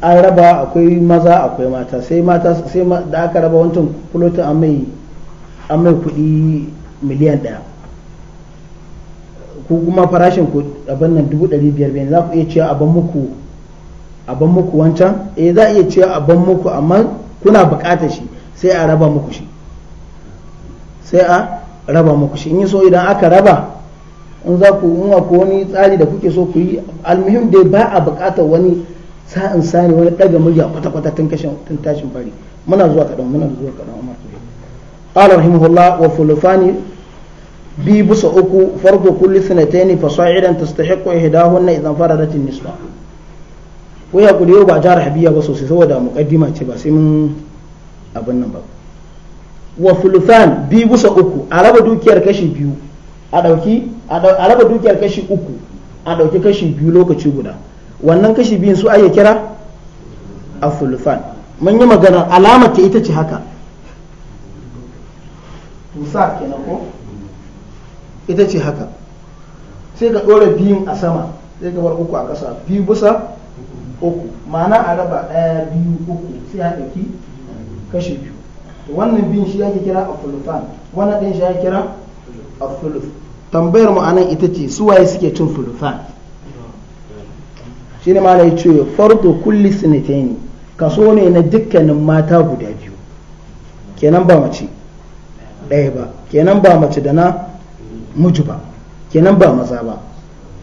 an raba akwai maza akwai mata sai mata sai da aka raba wancan kulotin an mai kuɗi miliyan daya. Ku kuma farashin ku abin nan dubu ɗari biyar bai za ku iya cewa abin muku abin muku wancan eh za a iya cewa abin muku amma kuna buƙatar shi sai a raba muku shi sai a raba muku shi in yi so idan aka raba in za ku in ko wani tsari da kuke so ku yi almuhim dai ba a buƙatar wani sa'in sani wani ɗaga murya kwata-kwata tun kashin tun tashin fari muna zuwa kaɗan muna zuwa kaɗan amma umar qala rahimahullah wa fulufani bi bisa uku farko kulli sanataini fa sa'idan tastahiqu ihdahunna idan faradat nisba ko ya ku yau ba jara habiya ba sosai saboda muqaddima ce ba sai mun abin nan ba wa fulusan bi bisa uku a raba dukiyar kashi biyu a dauki a raba dukiyar kashi uku a dauki kashi biyu lokaci guda wannan kashi biyun su ake kira a thuluthan mun yi magana alamar ta ita ce haka tusa kenan ko ita ce haka sai ka ɗora biyun a sama sai ka bar uku a ƙasa biyu bisa uku ma'ana a raba ɗaya biyu uku sai a ɗauki kashi biyu wannan biyun shi ake kira a fulufan wannan ɗin shi ake kira a fuluf tambayar mu anan ita ce su waye suke cin fulufan shi ne ma ya ce fardo kulli sinitaini kaso ne na dukkanin mata guda biyu kenan ba mace ɗaya ba kenan ba mace da na ba kenan ba maza ba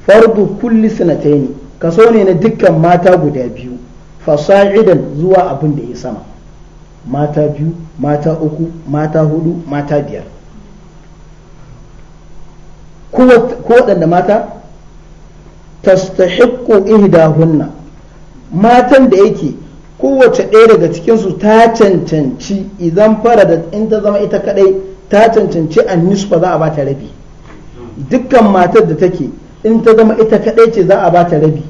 fardu kulli sanataini kaso ne na dukkan mata guda biyu fasa'idan zuwa abin da ya sama mata biyu mata uku mata hudu mata biyar ko waɗanda mata tastahiqqu ihdahunna matan da yake kowace ɗaya daga cikinsu ta cancanci idan fara da in ta zama ita kadai ta cancanci a nisfa za a ba ta rabi dukkan matar da take in ta zama ita kaɗai ce za a ba ta rabi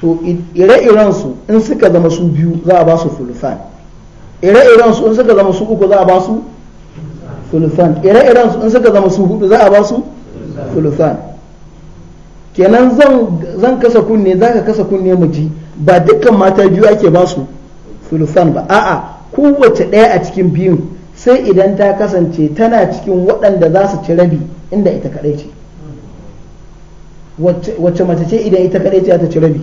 to ire-iren su in suka zama su biyu za a ba su fulfan ire-iren su in suka zama su uku za a ba su fulfan ire-iren su in suka zama su hudu za a ba su fulfan kenan zan kasa kunne za ka kasa kunne mu ji ba dukkan mata biyu ake ba su fulfan ba a'a kowace ɗaya a cikin biyun sai idan ta kasance tana cikin waɗanda za su ci rabi inda ita kaɗai ce wacce mace ce idan ita kadai ce ta ci rabi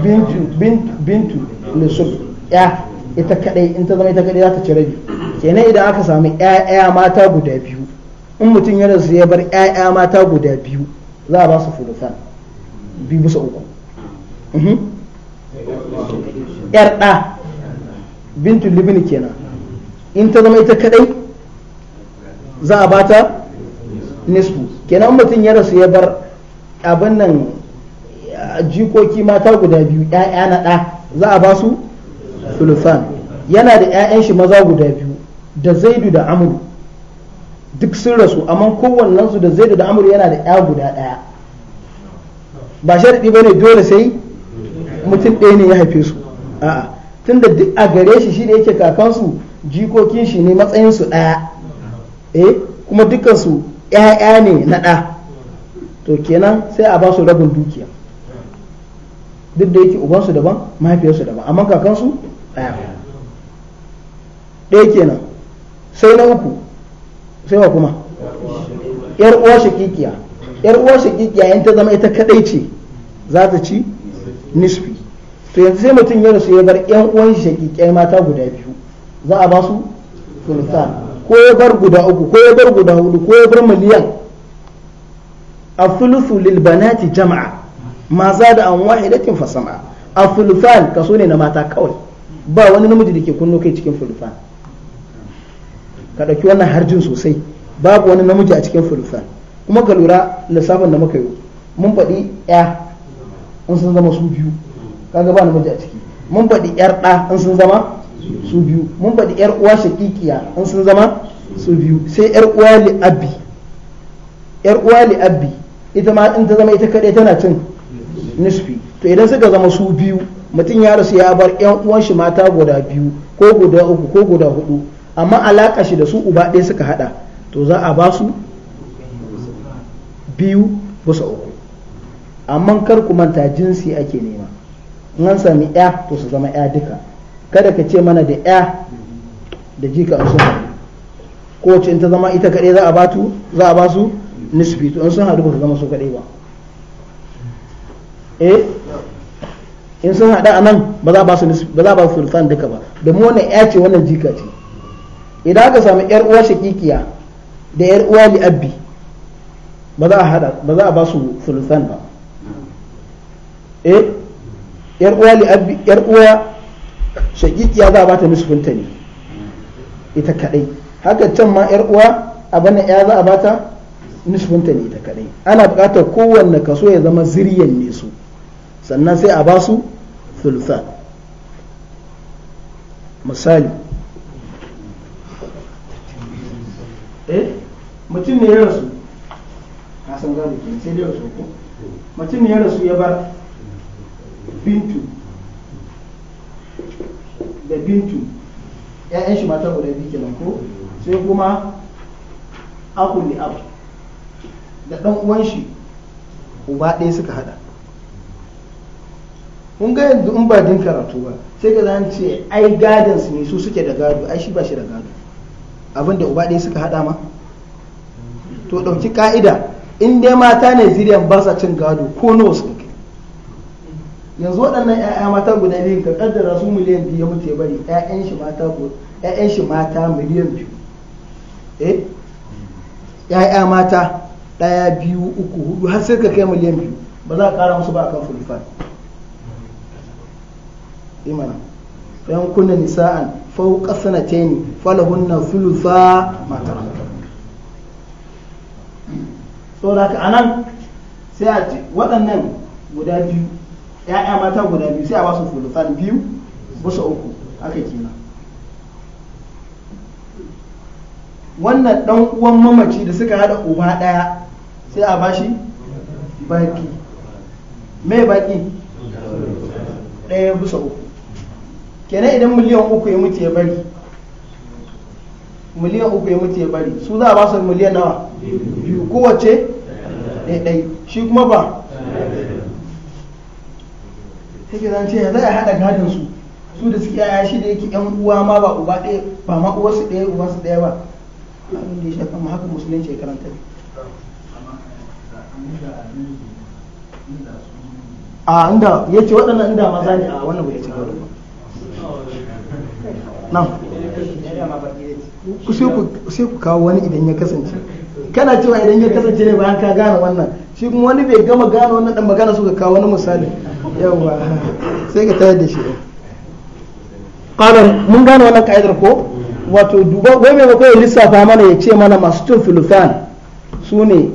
bintu bintu lusub ya ita kadai in ta zama ita kadai za ta ci rabi kenan idan aka samu ƴaƴa mata guda biyu in mutum ya rasu ya bar ƴaƴa mata guda biyu za a ba su fulusan biyu bisa uku yar mhm. ɗa bintu libin kenan in ta zama ita kadai za a bata nisfu kenan mutum ya rasu ya bar abin nan jikoki mata guda biyu ɗaya na ɗa za a ba su sulufan yana da ƴaƴan shi maza guda biyu da zaidu da amuru duk sun rasu amma kowannensu da zaidu da amuru yana da ƴa guda ɗaya ba sharaɗi ba ne dole sai mutum ɗaya ne ya haife su a'a tunda duk a gare shi shi ne yake kakansu jikokin shi ne matsayinsu ɗaya eh kuma dukansu 'ya'ya ne na ɗa to kenan sai a ba su rabin dukiya duk da yake ubansu daban mahaifiyarsu daban amma kakansu ɗaya ɗaya kenan sai na uku sai wa kuma yar uwa shakikiya yar uwa shakikiya in ta zama ita kadai ce za ta ci nisfi to yanzu sai mutum ya rasu ya bar yan uwan shi kikiya mata guda biyu za a ba su sultan ko ya bar guda uku ko ya bar guda hudu ko ya bar miliyan a fulufu lil banati jama'a ma da an wahidatin fa sam'a a fulufan kaso ne na mata kawai ba wani namiji da ke kunno kai cikin fulufan. ka dauki wannan harjin sosai babu wani namiji a cikin fulufan. kuma ka lura lissafin da muka yi mun faɗi ya in sun zama su biyu kaga ba namiji a ciki mun faɗi yar ɗa in sun zama su biyu mun faɗi yar uwa shakikiya in sun zama su biyu sai yar uwa li yar uwa li ita ma in ta zama ita kadai tana cin nisfi to idan suka zama su biyu mutum ya rasu ya bar yan uwan shi mata guda biyu ko guda uku ko guda hudu amma alaka shi da su uba ɗaya suka hada to za a ba su biyu bisa uku amma kar ku manta jinsi ake nema in an sami ya to su zama ya duka kada ka ce mana da ya da jika an sun haɗu ce in ta zama ita kaɗai za a batu za a basu nisfi to in sun haɗu ba ta zama su kaɗai ba eh in sun haɗu a nan ba za ba su ba za su sultan duka ba domin wannan ya ce wannan jika ce idan aka samu yar uwa shakikiya da yar uwa li abbi ba za a haɗa ba za a ba su sultan ba eh yar uwa li abbi yar uwa shagikiya za a bata musu ne ita kadai haka can ma yar uwa abin ya za a bata nisfinta ne ita kadai ana buƙatar kowanne kaso ya zama ziryan ne su sannan sai a ba su thuluthan misali eh mutum ne ya rasu ka san gado ke sai dai wasu ku, mutum ne ya rasu ya bar bintu da bintu ‘ya'yan shi mata guda biyu kenan ko sai kuma akun da abu da ɗan uwan shi uba ɗaya suka haɗa kun ga yanzu in ba din karatu ba sai ka zan ce ai gadon su ne su suke da gado ai shi ba shi da gado abin da uba ɗaya suka haɗa ma to ɗauki ka'ida in dai mata ne ziriyan ba sa cin gado ko nawa suka yanzu waɗannan 'ya'ya mata guda biyu ka kaddara su miliyan biyu ya mutu ya bari 'ya'yan shi mata miliyan biyu eh 'ya'ya mata ɗaya biyu uku hudu har sai ka kai miliyan biyu ba za a ƙara musu ba a kan fulfan imana eh ɗan kuna nisa'an fauqa sanatayn falahunna fulfa mata taraka saboda ka anan sai a waɗannan guda biyu ya'ya mata guda biyu sai a basu fulufan biyu bisa uku haka kenan wannan dan uwan mamaci da suka hada uba daya sai a bashi baki mai baki daya bisa uku kenan idan miliyan uku ya mutu ya bari miliyan uku ya mutu ya bari su za a basu miliyan nawa biyu kowace dai shi kuma ba take zan ce ya zai haɗa gadon su su da suke yaya shi da yake yan uwa ma ba uba ɗaya ba ma uwa su ɗaya uba su ɗaya ba abin da ya shafa mu haka musulunci ya karanta ne a inda ya ce waɗannan inda maza ne a wannan bai ci gaba ba nan sai ku kawo wani idan ya kasance kana cewa idan ya kasance ne bayan ka gane wannan shi kuma wani bai gama gane wannan dan magana suka kawo wani misali yawa sai ka tayar da shi ƙarar mun gane wannan ka'idar ko wato duba wai mai bakwai lissafa mana ya ce mana masu cin filufan su ne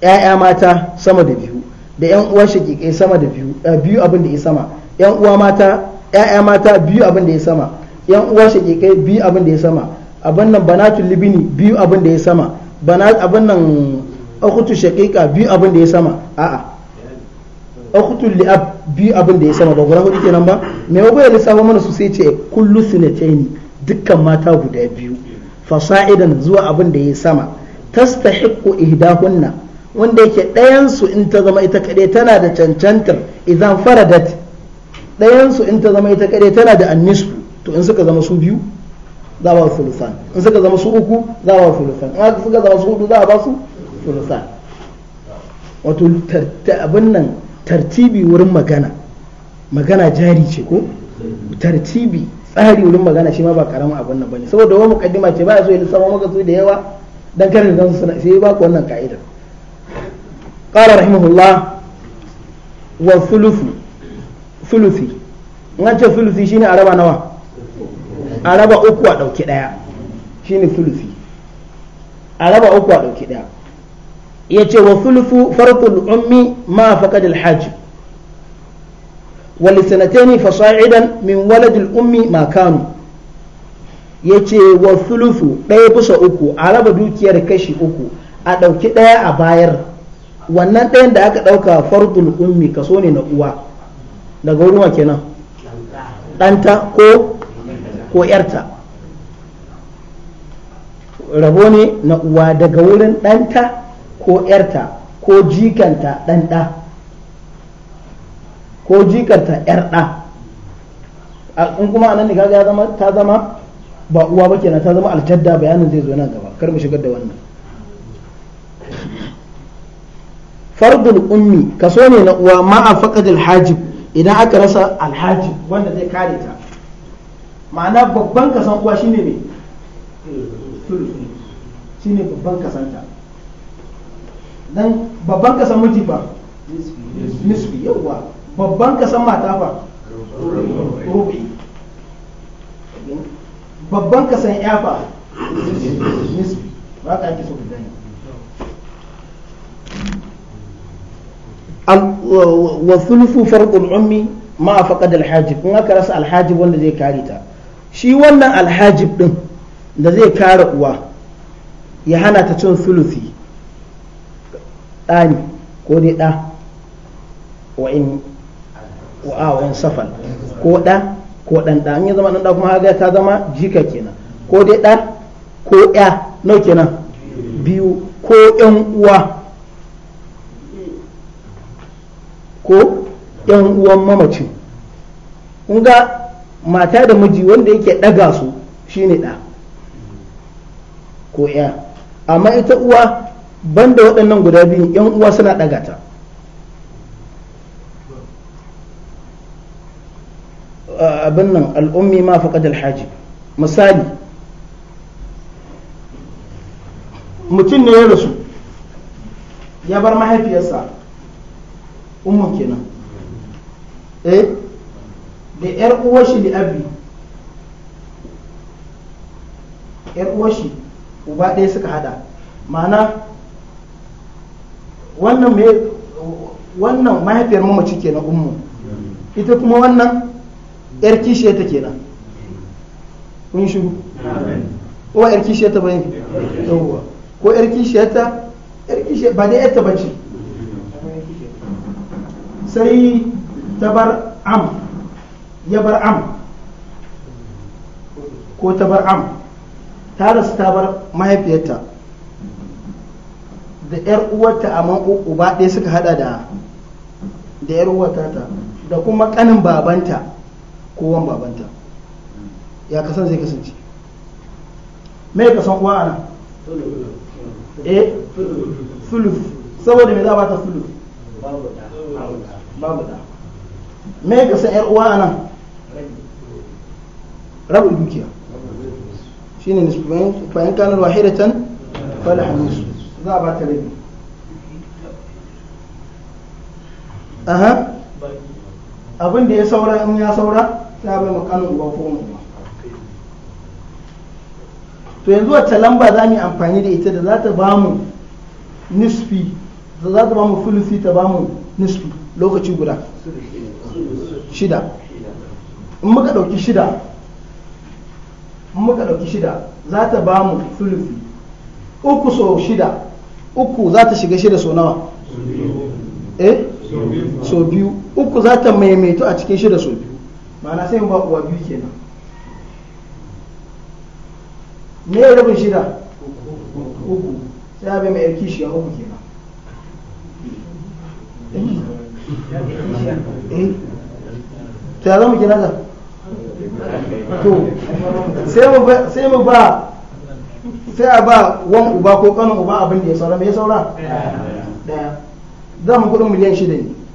'ya'ya mata sama da biyu da 'yan uwa shakikai sama da biyu eh, biyu abin da ya sama 'yan uwa mata 'ya'ya mata biyu abin da ya sama 'yan uwa shakikai biyu abin da ya sama abin nan banatul libini biyu abin da ya sama banat abin nan akutu shakika biyu abin da ya sama a'a ukhtul li ab biyu abin da ya sama ba guda hudu kenan ba me yago ya lissafa mana su sai ce kullu sunataini dukkan mata guda biyu fasa'idan zuwa abin da ya sama tastahiqqu ihdahunna wanda yake ɗayan su in ta zama ita kaɗai tana da cancantar idan faradat ɗayan su in ta zama ita kaɗai tana da annisu to in suka zama su biyu za a ba su sulusan in suka zama su uku za a ba su sulusan in suka zama su hudu za a ba su sulusan wato abin nan tartibi wurin magana magana jari ce ko tartibi tsari wurin magana shi ma ba karamin abin nan bane saboda wani mukaddima ce ba so ya lissafa maka su da yawa dan kar zan suna sai ba ku wannan ka'idar qala rahimahullah wa thuluthu thuluthi in an ce thuluthi shine araba nawa araba uku a dauki daya shine thuluthi araba uku a dauki daya yace wa sulufu farkul ummi ma faqad al wa fa fasa'idan min walad ummi ma kanu yace wa sulufu ɗaya bisa uku a raba dukiyar kashi uku a ɗauki ɗaya a bayar wannan ɗayan da aka ɗauka farkul ummi kaso ne na uwa daga wurin kenan ɗanta ko ko yarta rabo ne na uwa daga wurin ɗanta ko ‘yarta ko jikanta ɗan ɗa ko jikanta ‘yar ɗa in kuma anan ne kaga ta zama ba uwa ba kenan ta zama aljadda bayanin zai zo nan gaba kar mu shigar da wannan fardul ummi kaso ne na uwa ma'a faqadil hajib idan aka rasa alhajib wanda zai kare ta ma'ana babban kasan uwa shine ne shine babban kasanta dan babban kasan miji ba nisfi yawa babban kasan mata ba rubi babban kasan ya ba nisfi ba ka ake so ka gani والثلث فرض العمي ما فقد الحاجب in aka rasa alhajib wanda zai kare ta shi wannan alhajib ɗin da zai kare uwa ya hana ta cin sulusi ɗani ko dai ɗa wa'in in safal ko ɗa ko ɗan ɗa an ya zama ɗan ɗa kuma haka ta zama jika kenan ko dai ɗa ko ɗa nau kenan biyu ko ƴan uwa ko ƴan uwan mamacin kun ga mata da miji wanda yake ɗaga su shine ɗa ko ya amma ita uwa banda waɗannan guda biyu yan uwa suna ɗaga ta abin nan al'ummi ma faƙad alhaji misali mutum ne ya rasu ya bar mahaifiyarsa umar kenan eh da yar uwashi da abi yar uwashi uba ɗaya suka hada ma'ana wannan mai wannan mahaifiyar mamaci na ummu ita kuma wannan yar kishiyar ta kenan kun shiru ko yar kishiyar ta bane yawwa ko yar kishiyar ta yar kishiyar ba da yar ta bace sai ta bar am ya bar am ko ta bar am ta rasu ta bar mahaifiyarta da yar uwarta amma uba ɗaya suka hada da da yar uwarta ta da kuma kanin babanta wan babanta ya kasan zai kasance me ka san uwa ana eh suluf saboda me za a bata suluf babu da me ka san yar uwa ana rabu dukiya shine nisbu bayan kanar wahidatan fala hanisu za a ba ta rabi aha abin da ya saura in ya saura sai bai makanin uba ko mu to yanzu wacce lamba za mu amfani da ita da za ta ba mu nisfi da za ta ba mu fulusi ta ba mu nisfi lokaci guda shida in muka ɗauki shida in muka ɗauki shida za ta ba mu fulusi uku sau shida uku za ta shiga shida so nawa eh so biyu uku za ta maimaito a cikin shida so biyu ma'ana sai ba uwa biyu kenan me ya rabin shida uku sai abin mai yarki shi ya uku kenan eh? eh? ta zama kenan ka to sai mu ba sai a ba wan uba ko kanin uba abin da ya saura mai ya saura daya mu kudin miliyan shida ne